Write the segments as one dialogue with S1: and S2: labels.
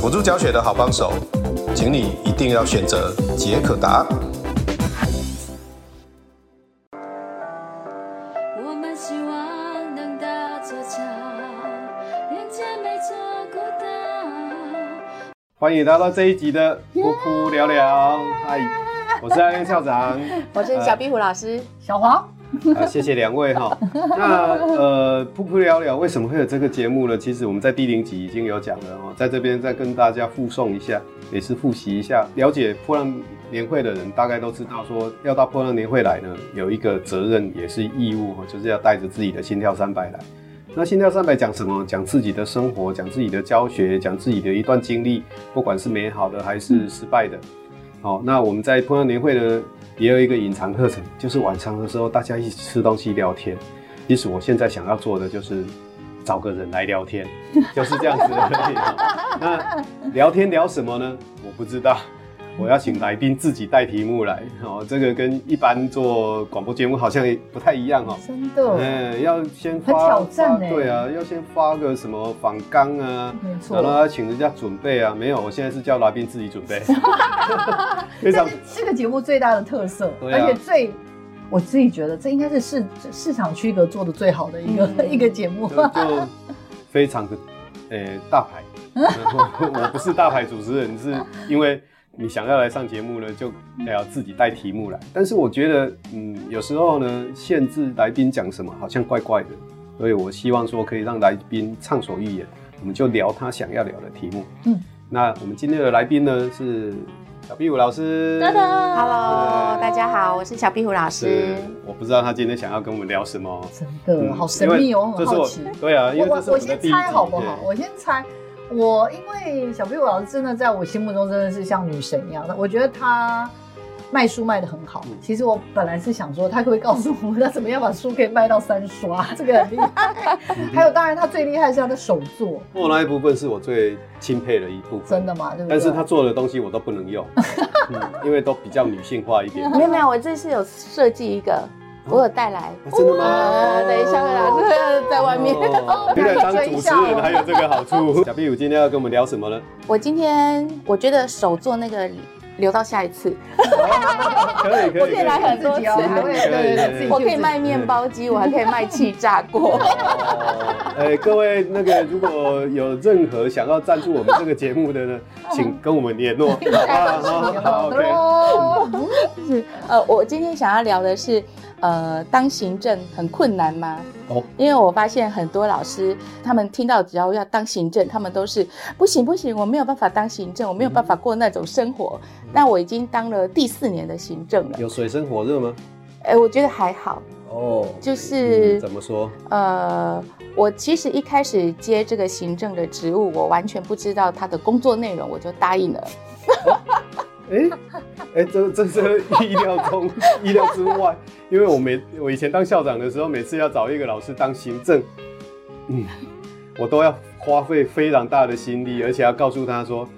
S1: 輔助教學的好幫手，請你一定要選擇傑克達。
S2: 我們希望能搭座橋，連接每座孤島，
S1: 歡迎來到這一集的噗噗聊聊，嗨 Yeah！Hi, 我是 ㄚ 亮校長，
S2: 我是、 嗯、小壁虎老師，小黃。啊，謝謝兩位哈、哦。那
S1: 呃，噗噗聊聊，為什麼會有這個節目呢？其實我們在第零集已經有講了哦，在這邊再跟大家附送一下，也是複習一下。了解破浪年會的人，大概都知道說，要到破浪年會來呢，有一個責任也是義務、哦、就是要帶着自己的心跳三百來。那心跳三百講什麼？講自己的生活，講自己的教學，講自己的一段經歷，不管是美好的還是失敗的。好、嗯哦，那我們在破浪年會的。也有一個隱藏課程，就是晚餐的時候，大家一起吃東西聊天。其實我現在想要做的就是找個人來聊天。就是這樣子的，的。 那聊天聊什麼呢？我不知道。我要請來賓自己帶題目來，哦、喔，這個跟一般做廣播節目好像也不太一樣哦、喔，真的，欸、要先發很挑戰、欸發，對啊，要先發個什麼訪綱啊，
S2: 沒錯然後要
S1: 請人家準備啊，沒有，我現在是叫來賓自己準備，
S2: 這是這個節目最大的特色，啊、而且最我自己覺得這應該是市市場區隔做的最好的一個、嗯、一個節目就，就
S1: 非常的呃、欸、大牌、 嗯我，我不是大牌主持人，是因為。你想要來上節目呢，就要自己帶題目來。嗯、但是我覺得，嗯，有時候呢，限制來賓講什麼好像怪怪的，所以我希望說可以讓來賓暢所欲言，我們就聊他想要聊的題目。嗯，那我們今天的來賓呢是小壁虎老師。
S2: Hello，大家好，我是小壁虎老師。
S1: 我不知道他今天想要跟我們聊什麼，真的、嗯、好神秘哦，很好奇。對啊，因為我，我先猜好不好？對我先
S2: 猜。我因為小壁虎老師真的在我心目中真的是像女神一樣的，我覺得她賣書賣得很好。嗯、其實我本來是想說，她可不可以告訴我她怎麼樣把書可以賣到三刷，這個很厲害。 還有當然她最厲害是她的手作。嗯、我那一
S1: 部分是我最欽佩的一部分，真的嗎？對對，但是她做的東西我都不能用、 嗯，因為都比較女性化一點。
S2: 沒有沒有，我這次有設計一個。我有帶來，真的嗎？等一下，老師在外面。原來當主持人還有這個好
S1: 處。小壁虎今天要跟我們聊什麼呢？
S2: 我今天我覺得手做那個留到下一次。我
S1: 可以來很多次，我可以賣麵包
S2: 機，我還可以賣氣炸鍋。
S1: 哎，各位那個，如果有任何想要贊助我們這個節目的呢，請跟我們聯絡。好，謝
S2: 謝。呃，我今天想要聊的是。呃，當行政很困難嗎？哦，oh. 因為我發現很多老師，他們聽到只要要當行政，他們都是不行不行，我沒有辦法當行政，我沒有辦法過那種生活。那、嗯、我已經當了第四年的行政了，
S1: 有水深火熱嗎？
S2: 哎、欸，我覺得還好。哦，oh.
S1: 就是怎麼說？
S2: 呃，我其實一開始接這個行政的職務，我完全不知道他的工作內容，我就答應了。
S1: 哎，哎，這這是意料中，意料之外。因為我每我以前當校長的時候，每次要找一個老師當行政，
S2: 嗯，
S1: 我都要花費非常大的心力，而且要告訴他說。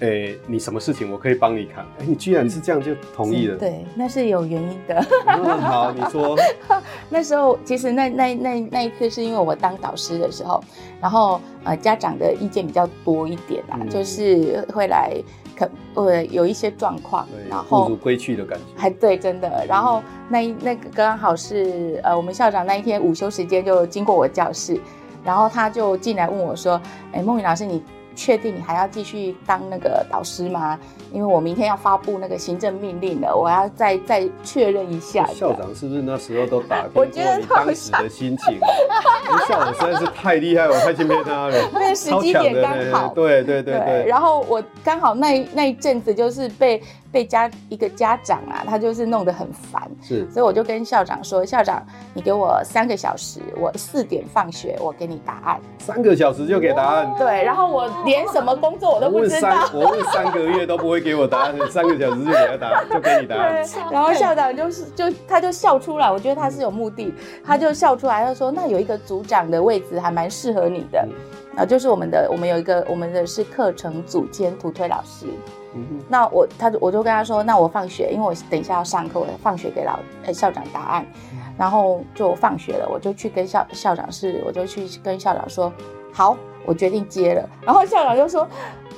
S1: 哎，你什麼事情我可以幫你看？哎，你居然是這樣就同意了？對，
S2: 那是有原因的。 好，你說。 那時候其實那那那那一刻是因為我當導師的時候，然後呃家長的意見比較多一點啊，嗯、就是會來可呃有一些狀況。對然後。不如
S1: 歸去的感覺。
S2: 還對，真的。然後那那個、剛好是呃我們校長那一天午休時間就經過我教室，然後他就進來問我說：“哎，孟云老師，你？”確定你還要繼續當那個導師嗎？因為我明天要發布那個行政命令了，我要再再確認一下。校
S1: 長是不是那時候都打聽到你當時的心情？ 嗯、校長實在是太厲害了，我太欽佩他了，時機點剛好。對對對對。對，然
S2: 後我剛好那那一陣子就是被。被家一個家長啊，他就是弄得很煩，是，所以我就跟校長說：“校長，你給我三個小時，我四點放學，我給你答案。”三個
S1: 小時就給答案？哦。
S2: 對，然後我連什麼工作我都不知道。哦、我問三，我問三
S1: 個月都不會給我答案， 三個小時就給他答案，就給你答
S2: 案。然後校長就是就他就笑出來，我覺得他是有目的，他就笑出來，他說：“那有一個組長的位置還蠻適合你的，嗯、啊，就是我們的，我們有一個，我們的是課程組兼圖推老師。”嗯嗯，那我他我就跟他說，那我放學，因為我等一下要上課，我放學給老校長答案，嗯、然後就放學了，我就去跟校校長室，我就去跟校長說，好，我決定接了。然後校長就說，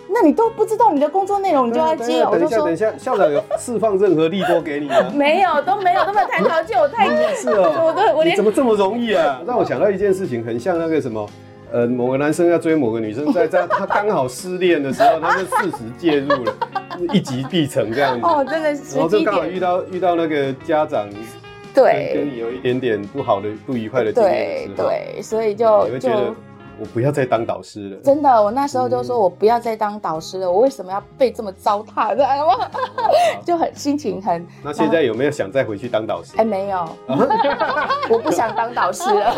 S2: 那你都不知道你的工作內容，你就要接了？我就說等一下，等一下，
S1: 校長有釋放任何利多給你嗎？ 沒有，沒有，
S2: 都沒有那麼太淘氣，我太懂 事了、啊。我都我連……怎麼
S1: 這麼容易啊？ 讓我想到一件事情，很像那個什麼。呃，某個男生要追某個女生在他，在他他剛好失戀的時候，他就適時介入了， 一擊必成這樣子。哦，真的是，然後就剛好遇到遇到那個家長，
S2: 對跟你有
S1: 一點點不好的、不愉快的經歷的
S2: 時候對，對，所以就就覺得。
S1: 我不要再當導師了，
S2: 真的。我那時候就說，我不要再當導師了。嗯、我為什麼要被這麼糟蹋？ 就很、嗯、心情很。那現
S1: 在有沒有想再回去當導師？還、欸、沒有，
S2: 我不想當導師了。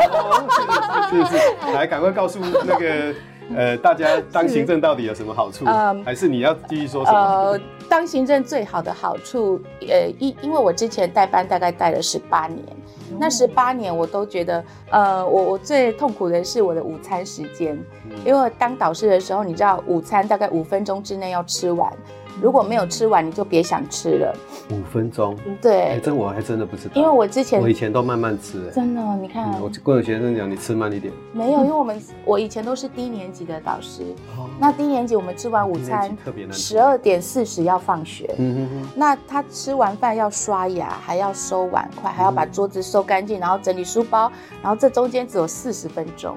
S2: 是是是，
S1: 來趕快告訴那個。 呃，大家當行政到底有什麼好處？是嗯，還是你要繼續說什麼？呃，
S2: 當行政最好的好處，呃，因因為我之前帶班大概帶了十八年，嗯，那十八年我都覺得，呃，我我最痛苦的是我的午餐時間，嗯，因為當導師的時候，你知道午餐大概五分鐘之內要吃完。如果沒有吃完，你就別想吃了。
S1: 五分鐘，對，這我還真的不知道。因為我之前我以前都慢慢吃，真
S2: 的，你看，我
S1: 跟我學生講，你吃慢一點，
S2: 沒有，因為我們我以前都是低年級的導師，那低年級我們吃完午餐，十二點四十要放學，嗯嗯嗯，那他吃完飯要刷牙，還要收碗筷，還要把桌子收乾淨，然後整理書包，然後這中間只有四十分鐘，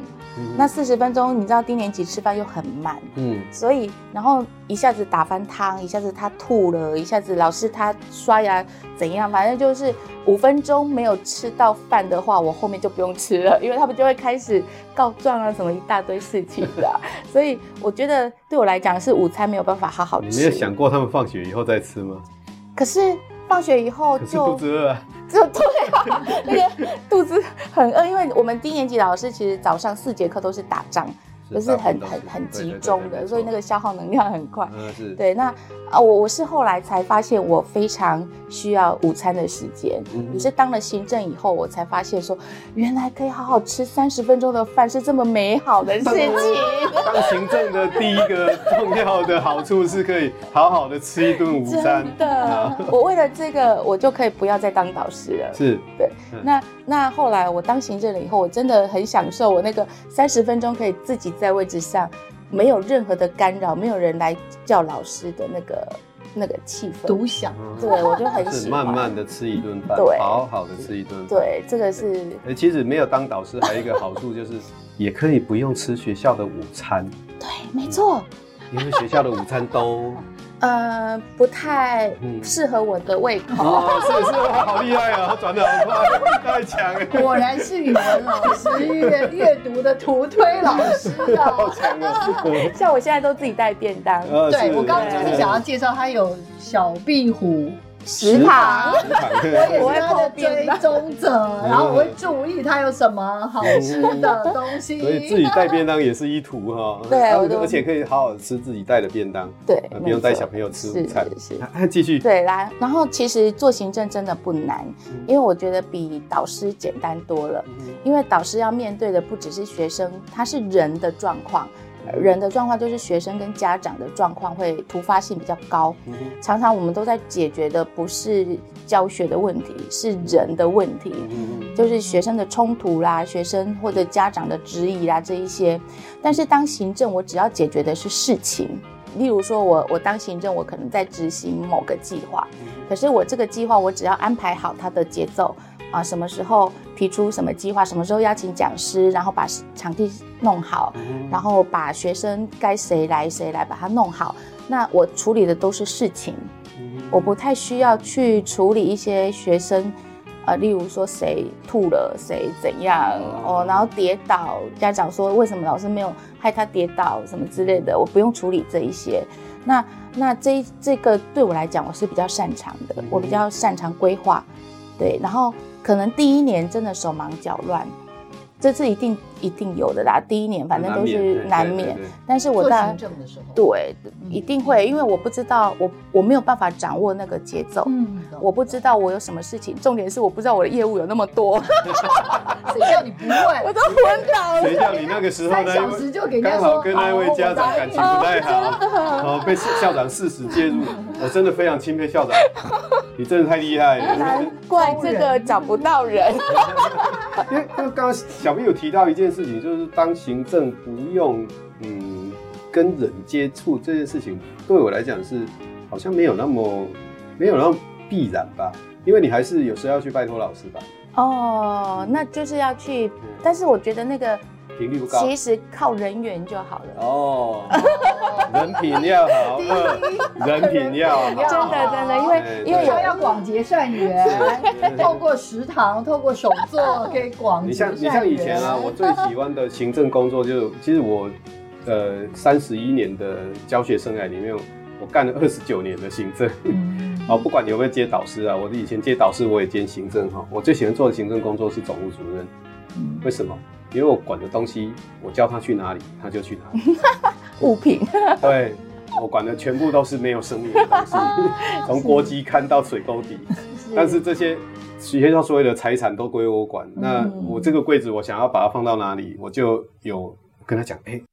S2: 那四十分鐘你知道低年級吃飯又很慢，嗯，所以然後一下子打翻湯一。一下子他吐了，一下子老師他刷牙怎樣，反正就是五分鐘沒有吃到飯的話，我後面就不用吃了，因為他們就會開始告狀啊，什麼一大堆事情的。 所以我覺得對我來講是午餐沒有辦法好好吃。你沒有想
S1: 過他們放學以後再吃嗎？
S2: 可是放學以後就肚子餓啊，就對啊，那個肚子很餓，因為我們低年級老師其實早上四節課都是打仗。不是很是很很集中的。對對對對，所以那個消耗能量很快。嗯、是對，那啊，我我是後來才發現，我非常需要午餐的時間。你、嗯、是當了行政以後，我才發現說，原來可以好好吃三十分鐘的飯是這麼美好的事情當。
S1: 當行政的第一個重要的好處是可以好好的吃一頓午餐。真的，然後，我為
S2: 了這個，我就可以不要再當導師了。是，對，那。嗯那後來我當行政了以後，我真的很享受我那個三十分鐘可以自己在位置上，沒有任何的干擾，沒有人來叫老師的那個那個氣氛，獨享。對，我就很喜歡是慢慢的吃，嗯、好好
S1: 的吃一頓飯，對，好好的吃一頓。對，
S2: 這個是。
S1: 其實沒有當導師還有一個好處就是，也可以不用吃學校的午餐。
S2: 對，沒錯，嗯，
S1: 因為學校的午餐都。
S2: 呃，不太適合我的胃口。嗯哦、是，是，他，好厲害啊、
S1: 哦，轉的好快， 太強
S2: 了！果然是語文老師閱閱 讀的圖推老師啊，好強啊，像我現在都自己帶便當。嗯、對是我剛剛就是想要介紹他有小壁虎
S1: 食堂，我也是他的追
S2: 蹤者，然後我會注意他有什麼好吃的東西。所以自己帶
S1: 便當也是一途哈，對，而且可以好好吃自己帶的便當，對，不用帶小朋友吃午餐。繼續，
S2: 對，來，然後其實做行政真的不難，因為我覺得比導師簡單多了，因為導師要面對的不只是學生，他是人的狀況。人的狀況就是學生跟家長的狀況會突發性比較高，嗯哼。常常我們都在解決的不是教學的問題，是人的問題，嗯哼。就是學生的衝突啦、學生或者家長的質疑啦這一些。但是當行政，我只要解決的是事情，例如說我我當行政，我可能在執行某個計劃，可是我這個計劃我只要安排好它的節奏。啊，什麼時候提出什麼計劃？什麼時候邀請講師？然後把場地弄好，然後把學生該誰來誰來把它弄好。那我處理的都是事情，我不太需要去處理一些學生，呃，例如說誰吐了，誰怎樣哦，然後跌倒，家長說為什麼老師沒有害他跌倒什麼之類的，我不用處理這一些。那那這這個對我來講，我是比較擅長的，我比較擅長規劃。對，然後可能第一年真的手忙腳亂，這次一定。一定有的啦，第一年反正都是難免。但是我在對，一定會，因為我不知道，我我沒有辦法掌握那個節奏，我不知道我有什麼事情。重點是我不知道我的業務有那麼多，誰叫你不會？我都昏倒了。誰叫你那個時候呢？因為剛好跟那位家長感情不太好，哦，被校長
S1: 適時介入，我真的非常欽佩校長，你真的太厲害了，難
S2: 怪這個找不到人。
S1: 因為剛剛小壁虎有提到一件。事情就是當行政不用，嗯，跟人接觸這件事情，對我來講是好像沒有那麼沒有那麼必然吧，因為你還是有時候要去拜托老師吧。
S2: 哦，那就是要去，嗯，但是我覺得那個。其實靠人緣就好了哦，
S1: 哦人品要好，一人品要好。真的、哦、真的，哦、因為因為他
S2: 要廣結善緣，透過食堂，透過手作可以廣你像你像以前啊，我最喜
S1: 歡的行政工作、就是，就其實我呃三十一年的教學生涯裡面，我幹了二十九年的行政。嗯、哦，不管你有沒有接導師啊，我的以前接導師，我也兼行政哈、哦。我最喜歡做的行政工作是總務主任。為什麼？因為我管的東西，我叫他去哪裡，他就去哪。裡。
S2: 物品。憑
S1: 對，我管的全部都是沒有生命的東西，從鍋基看到水溝底。是但是這些，學校所有的財產都歸我管。是那我這個櫃子，我想要把它放到哪裡，我就有跟他講，哎、欸，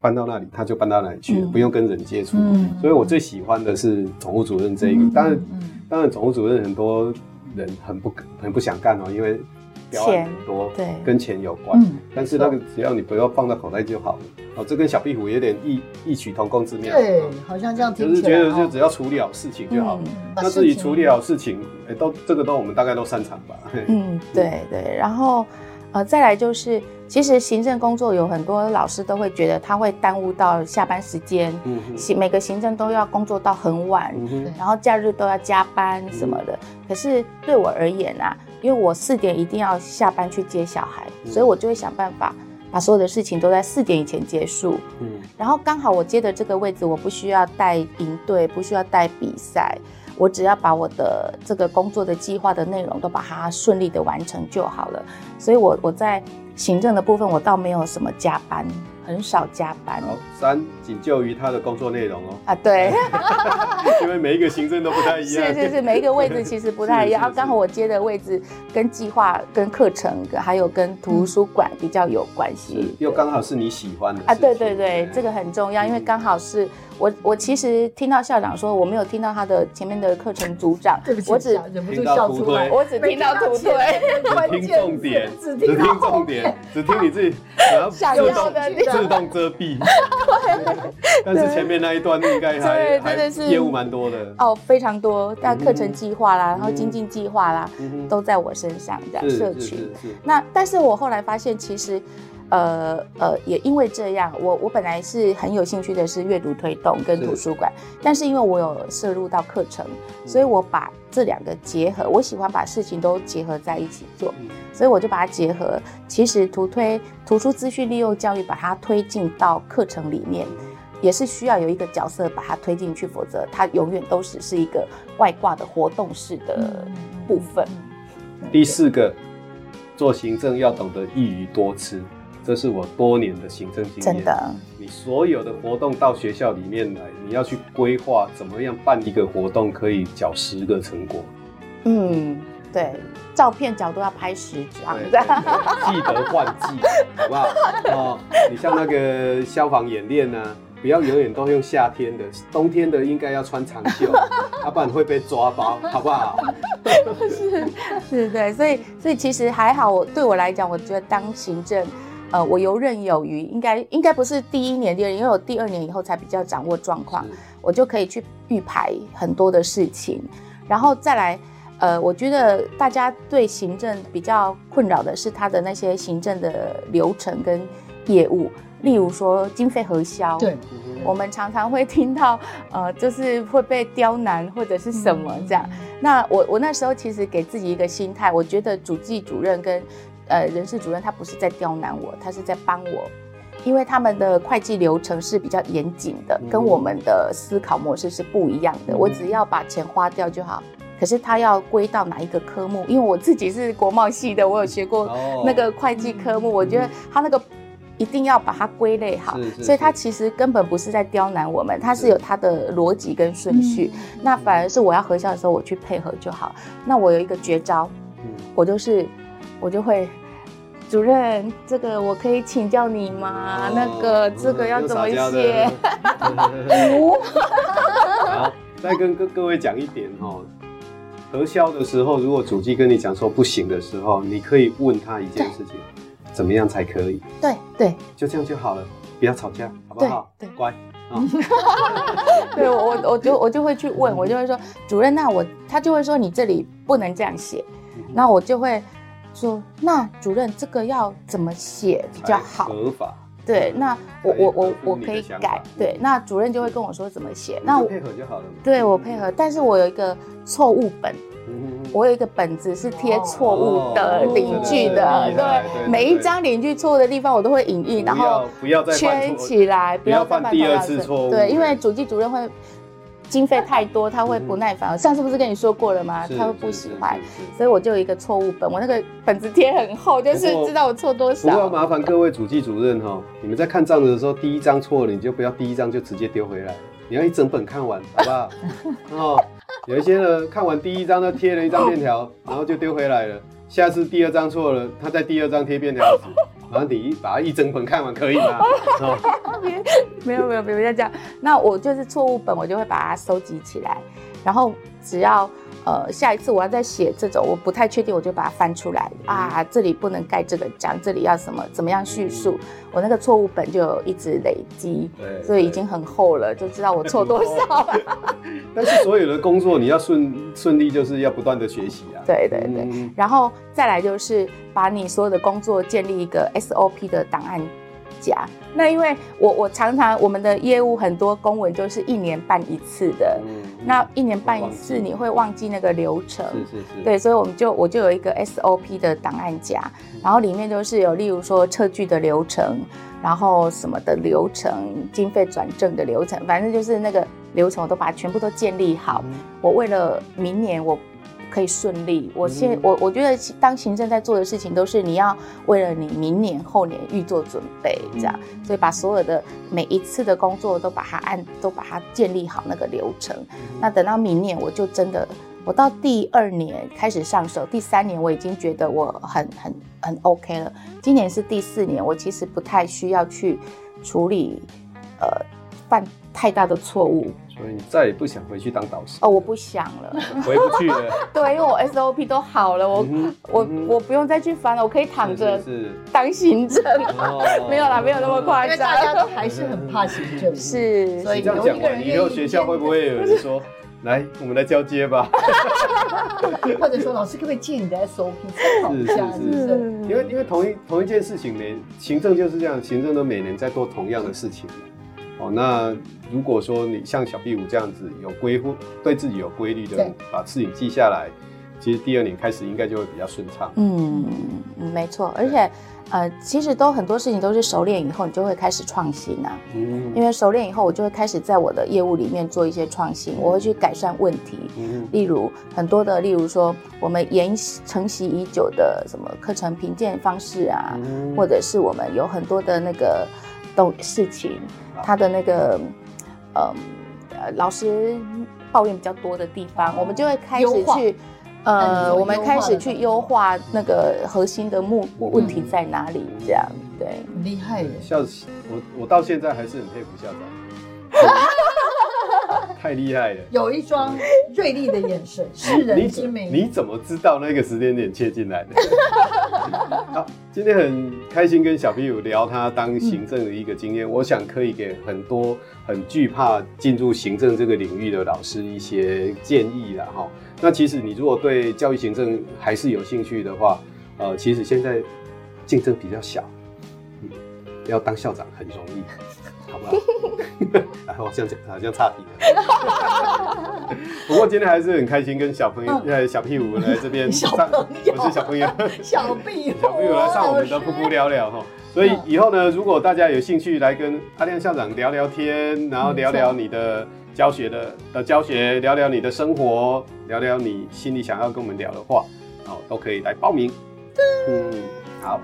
S1: 搬到那裡，他就搬到哪裡去，嗯、不用跟人接觸。嗯、所以我最喜歡的是總務主任這一個。但然、嗯、當然，總務主任很多人很不很不想幹哦，因為。錢很多，對，跟錢有關。但是那個只要你不要放到口袋就好了。這跟小壁虎有點異異曲同工之妙。對，
S2: 好像這樣聽起來，就是覺得就
S1: 只要處理好事情就好了。那自己處理好事情，哎，都這個都我們大概都擅長吧。嗯，
S2: 對對。然後，呃，再來就是，其實行政工作有很多老師都會覺得他會耽誤到下班時間。嗯。行，每個行政都要工作到很晚，然後假日都要加班什麼的。可是對我而言啊。因為我四點一定要下班去接小孩，嗯，所以我就會想辦法把所有的事情都在四點以前結束。嗯，然後剛好我接的這個位置，我不需要帶營隊，不需要帶比賽，我只要把我的這個工作的計劃的內容都把它順利的完成就好了。所以，我我在行政的部分，我倒沒有什麼加班，很少加班。
S1: 三僅就於他的工作內容哦。啊，對，因為每一個行政都不太一樣。是是是，每一個位置其實不太一樣。
S2: 剛好我接的位置跟計劃、跟課程，還有跟圖書館比較有關係。
S1: 又剛好是你喜歡的啊！對
S2: 對對，這個很重要，因為剛好是我我其實聽到校長說，我沒有聽到他的前面的課程組長，對不起，我只忍不住笑出來，我只聽到圖隊關鍵，聽重
S1: 點。只聽，只聽重點，只聽你自己，然後、啊、自動自動遮蔽。 對對對。
S2: 但是前面
S1: 那一段應該還對真的是還業務蠻多的
S2: 哦，非常多。但課程計劃啦，嗯、哼然後精進計劃啦，嗯、哼都在我身上這樣社群。那但是我後來發現，其實。呃呃，也因為這樣，我我本來是很有興趣的是閱讀推動跟圖書館，是的但是因為我有涉入到課程，嗯、所以我把這兩個結合。我喜歡把事情都結合在一起做，嗯、所以我就把它結合。其實圖推圖書資訊利用教育把它推進到課程裡面，也是需要有一個角色把它推進去，否則它永遠都只是一個外掛的活動式的部分。
S1: 嗯、對第四個，做行政要懂得一魚多吃。這是我多年的行政經驗。真的，你所有的活動到學校裡面來，你要去規劃怎麼樣辦一個活動可以繳十個成果。嗯，
S2: 對，照片角度要拍十張
S1: 記得換季，好不好？哦，你像那個消防演練呢，不要永遠都用夏天的，冬天的應該要穿長袖，要、啊、不然會被抓包，好不好？
S2: 是是，對對，所以所以其實還好，我對我來講，我覺得當行政。呃，我遊刃有餘，應該應該不是第一年，第二年，因為我第二年以後才比較掌握狀況，對我就可以去預排很多的事情，然後再來。呃，我覺得大家對行政比較困擾的是他的那些行政的流程跟業務，例如說經費核銷，對，我們常常會聽到，呃，就是會被刁難或者是什麼這樣。嗯嗯嗯，那我我那時候其實給自己一個心態，我覺得主計主任跟呃，人事主任他不是在刁難我，他是在幫我，因為他們的會計流程是比較嚴謹的，嗯、跟我們的思考模式是不一樣的。嗯、我只要把錢花掉就好，可是他要歸到哪一個科目？因為我自己是國貿系的，我有學過那個會計科目，哦、我覺得他那個一定要把它歸類好。嗯、所以，他其實根本不是在刁難我們，他是有他的邏輯跟順序。嗯、那反而是我要核銷的時候，我去配合就好。那我有一個絕招，嗯、我就是。我就會，主任，這個我可以請教你嗎？哦、那個，這個要怎麼寫？
S1: 好，再跟各各位講一點哦、喔。核銷的時候，如果主計跟你講說不行的時候，你可以問他一件事情，對怎麼樣才可以？
S2: 對對，對，
S1: 就這樣就好了，不要吵架，好
S2: 不好？對，乖。對，我我就我就會去問，嗯、我就會說，主任，那我他就會說你這裡不能這樣寫，那、嗯、哼我就會。說，那主任這個要怎麼寫比較好？合法對，那我我我可以改對，那主任就會跟我說怎麼寫。那我配合就好了嘛。對，我配合，但是我有一個錯誤本，我有一個本子是貼錯誤的領據的，對，每一張領據錯誤的地方我都會影印，然後圈起來，不要犯第二次錯誤。對，因為主計主任會。經費太多，他會不耐煩。上次，嗯、不是跟你說過了嗎？是他會不喜歡，所以我就有一個錯誤本。我那個本子貼很厚，就是知道我錯多少。我不過，要麻
S1: 煩各位主計主任哈，喔，你們在看賬的時候，第一張錯了你就不要，第一張就直接丟回來。你要一整本看完，好不好？ 然後有一些呢，看完第一張呢貼了一張便條，然後就丟回來了。下次第二張錯了，他在第二張貼便條紙。 然後、啊、你把它一整本看完可以嗎？
S2: 沒有沒有，沒有。沒有要這樣。 那我就是錯誤本，我就會把它收集起來，然後只要。呃，下一次我要再寫這種，我不太確定，我就把它翻出來、嗯、啊。這裡不能蓋這個章，這裡要什麼怎麼樣敘述？嗯、我那個錯誤本就一直累積，對對，所以已經很厚了，就知道我錯多少了、
S1: 啊。 但是所有的工作你要順順 利，就是要不斷的學習啊。
S2: 對對對，嗯、然後再來就是把你所有的工作建立一個 SOP 的檔案夾。那因為我我常常我們的業務很多公文就是一年辦一次的。嗯嗯、那一年辦一次，你會忘記那個流程，是是是對，所以我們就我就有一個 SOP 的檔案夾，嗯、然後裡面就是有例如說測距的流程，然後什麼的流程，經費轉正的流程，反正就是那個流程我都把它全部都建立好，嗯、我為了明年我。可以順利。我現、嗯、我我覺得當行政在做的事情，都是你要為了你明年後年預做準備，這樣。嗯、所以把所有的每一次的工作都把它按都把它建立好那個流程。嗯、那等到明年我就真的，我到第二年開始上手，第三年我已經覺得我很很很 OK 了。今年是第四年，我其實不太需要去處理呃犯太大的錯誤。
S1: 所以你再也不想回去當導師哦！我
S2: 不想了，
S1: 回不去了。
S2: 對，因為我 S O P 都好了，我我我不用再去翻了，我可以躺着當行政。沒有啦，沒有那麼誇張，大家都還是很怕行政。是，所以這樣講完，你以後學校
S1: 會不會有人說，來，我們來交接吧？
S2: 或者說，老師可不可以借你的 S O P 參考一下？是不
S1: 是，因為因為同一同一件事情呢，行政就是這樣，行政都每年在做同樣的事情。哦，那如果說你像小壁虎這樣子有規，對自己有規律的把事情記下來，對其實第二年開始應該就會比較順暢。
S2: 嗯、嗯，沒錯，對而且呃，其實都很多事情都是熟練以後，你就會開始創新啊。嗯、因為熟練以後，我就會開始在我的業務裡面做一些創新，嗯、我會去改善問題。嗯、例如很多的，例如說我們沿承襲已久的什麼課程評鑑方式啊，嗯、或者是我們有很多的那個。的事情，他的那個、呃，老師抱怨比較多的地方，哦、我們就會開始去，哦、呃，我們開始去優化那個核心的目的問題在哪裡，這樣對。
S1: 厲害的，笑，我我到現在還是很佩服校長， 太厲害了，
S2: 有一雙銳利的
S1: 眼神，知人之明 你，你怎麼知道那個時間點切進來的？ 好、啊，今天很開心跟小壁虎聊他當行政的一個經驗，嗯、我想可以給很多很懼怕進入行政這個領域的老師一些建議啦。哈。那其實你如果對教育行政還是有興趣的話，呃，其實現在競爭比較小。要當校長很容易，好不好？ 好像差評 不過今天還是很開心，跟小朋友、嗯、小屁股來這邊上，我是小朋友，小，朋友小屁股，小來上我們的噗噗聊聊哈。是所以以後呢，如果大家有興趣來跟阿亮校長聊聊天，然後聊聊你的教學的，的教學，聊聊你的生活，聊聊你心裡想要跟我們聊的話，哦，都可以來報名。嗯，嗯，好。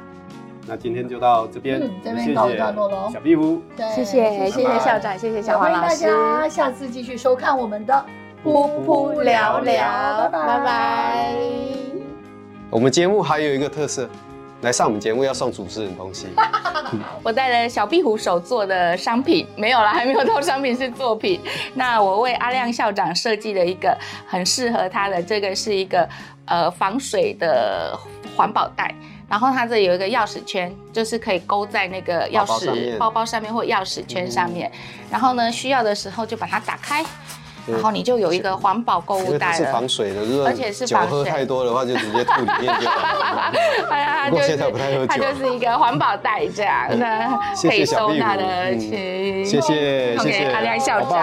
S1: 那今天就到這邊，這邊告一段落。小壁虎，謝謝。拜拜。謝謝校長，謝謝小黃老師，歡
S2: 迎大家下次繼續收看我們的噗噗聊聊，噗噗聊聊拜拜。拜
S1: 拜。我們節目還有一個特色，來上我們節目要送主持人東西。
S2: 我帶了小壁虎手做的商品，沒有了，還沒有到商品，是作品。那我為阿亮校長設計了一個很適合他的，這個是一個呃防水的環保袋。然後它這有一個鑰匙圈，就是可以勾在那個鑰匙包包上面或鑰匙圈上面。然後呢，需要的時候就把它打開，然後你就有一個環保購物袋了，是防
S1: 水的，而且是防水。酒喝太多的話，就直接吐裡面。
S2: 不過現在不太喝酒。它就是一個環保袋這樣，那可以收納的，請，謝謝，送給阿亮校長。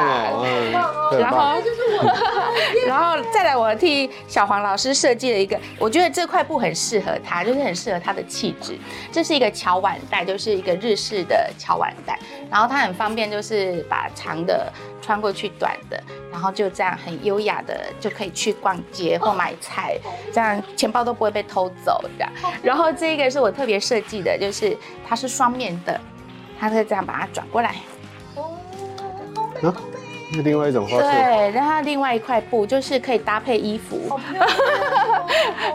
S1: 然後。就是
S2: 我。然後再來，我替小黃老師設計了一個，我覺得這塊布很適合他，就是很適合他的氣質。這是一個橋腕帶，就是一個日式的橋腕帶，然後它很方便，就是把長的穿過去，短的，然後就這樣很優雅的就可以去逛街或買菜，這樣錢包都不會被偷走的。然後這一個是我特別設計的，就是它是雙面的，它可以這樣把它轉過來。嗯
S1: 另外一種方式，對，
S2: 然後另外一塊布就是可以搭配衣服，喔、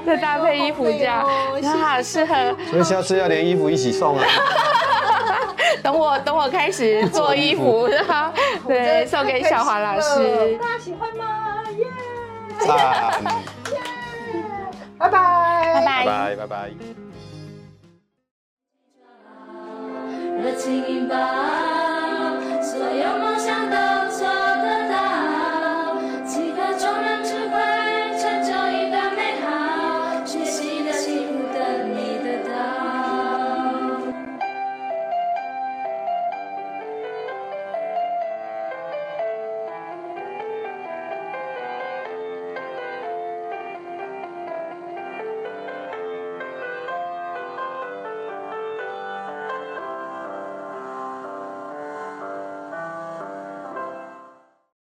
S2: 再搭配衣服這樣，很好適、喔喔、合。
S1: 所以下次要連衣服一起送啊！
S2: 等我等我開始做衣服，是對，送給小華老師。大家喜歡嗎？耶！拜拜！拜拜！
S1: 拜
S2: 拜！